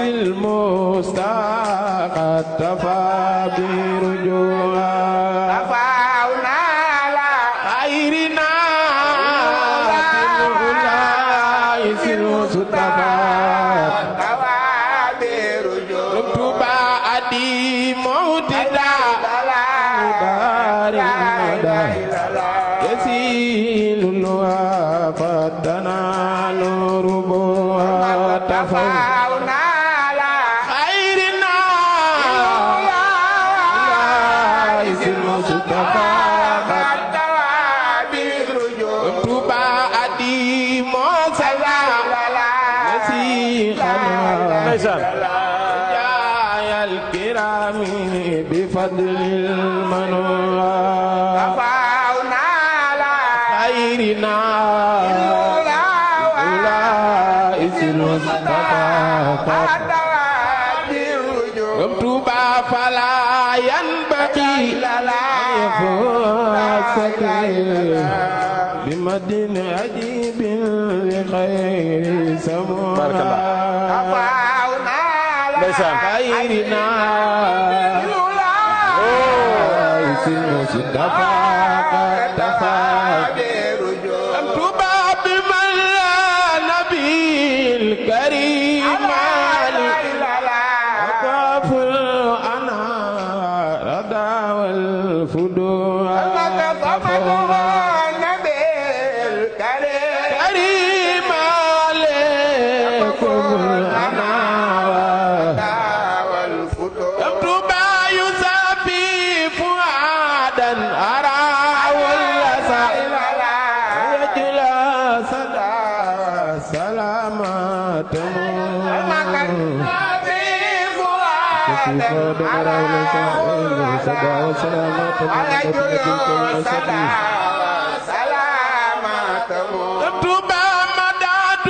المستقى التفابير ndeysaan jaayal kiraami bi fadlil manula بمدن عجيب لخير سموها ndeysaan xayrina lula دمرا ولا سدا وسلامة على جل سدا سلامة تبا مداد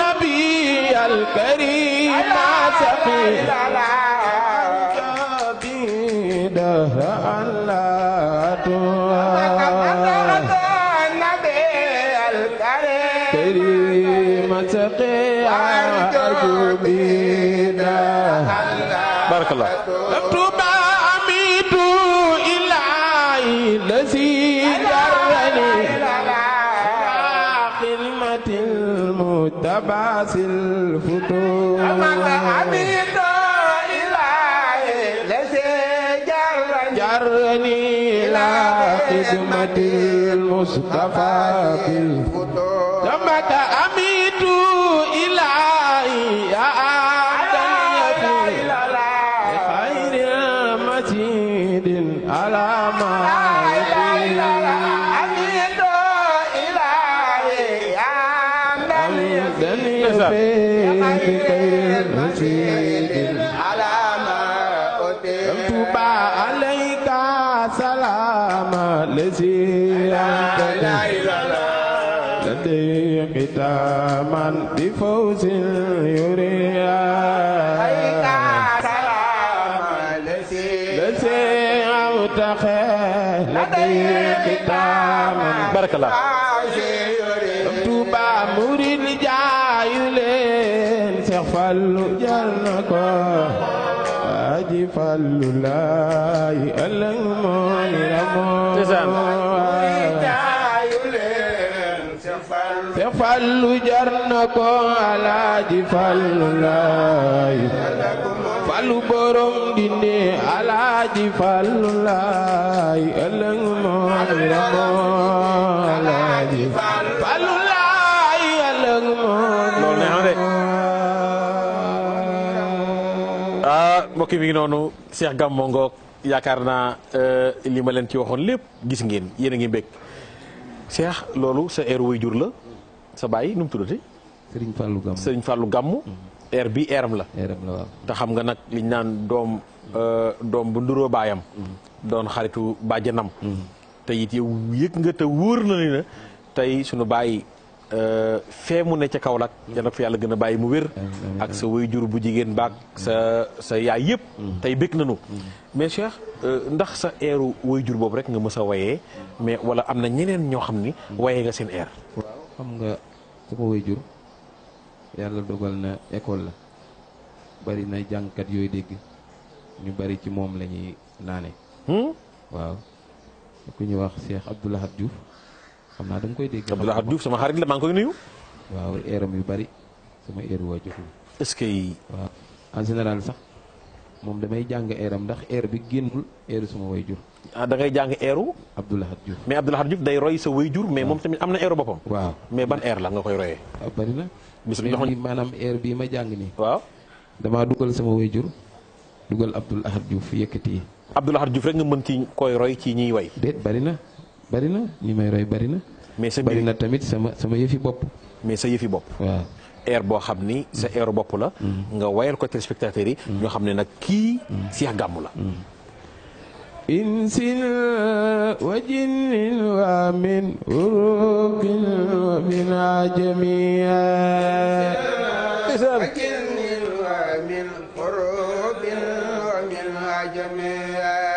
نبي الكريم سقيل كبيده الله كريم سقيل بارك الله لباس الفتور أمن عبيد إلهي لسي جرني إلى خدمة المصطفى في الفتور عمدا بارك الله alaaji fallu laay ëllëg alaaji fallu laay fallu borom dindi alaaji fallu laay ëllëg moo ni alaaji fallu laay ëllëg moo mbokk mi ngi noonu Cheikh Gambo Ngoog yaakaar naa euh, li ma leen ci waxoon lépp gis ngeen yéen a ngi mbég Cheikh loolu sa air wuy jur la sa baay nu mu tuddati. Serigne Fallou Gambo Serigne Fallou mm-hmm. air bi airam la. airam la te xam nga nag liñ naan doom euh, doom bu nduroo baayam. Mm-hmm. doon xaritu bàjjanam. Mm-hmm. te it yow yëg nga te wóor na ni tey sunu bàyyi. fee mu ne ca Kaolack yal na fi yàlla gën bujigen bàyyi mu wér ak sa waajur bu jigéen baag sa sa yaay yëpp tey bëgg nañu mais Cheikh euh, ndax sa eeru waajur boobu rek nga mës a mais wala am ñeneen ñoo xam ni nga seen eer waaw xam nga sama waajur yàlla dogal na école la bari na jàngkat yooyu dégg ñu bari ci moom la ñuy naane hmm? waaw ku ñu wax Cheikh xam naa da nga koy dégg. Abdoulaye Abdou sama xarit la maa ngi koy nuyu. waaw eeram yu bari sama eer waajur la. est-ce que. waaw en général sax moom damay jàng eeram ndax eer bi génnul eeru sama waajur. ah da ngay jàng eeru. Abdoulaye Diouf mais Abdoulaye Diouf day roy sa waajur mais moom tamit am na eeru boppam. waaw mais ban eer la nga koy royee. bari na. bisimilah maanaam eer bii ma jàng nii. waaw damaa dugal sama waajur dugal Abdoulaye Diouf yëkkati. Abdoulaye Diouf rek nga mën ci koy roy ci ñiy way. déet bari na. bari na ñi may roy bari na. mais sa bari na tamit sama sama yëfi bopp. mais sa yëfi bopp. waaw air boo xam ni sa mm. air bopp la. Mm. nga wayal ko téléspectateurs yi. Mm. ñoo xam ne nag kii. Cheikh Gamou la. insin wa jinnin wa min urukin wa min ajamiya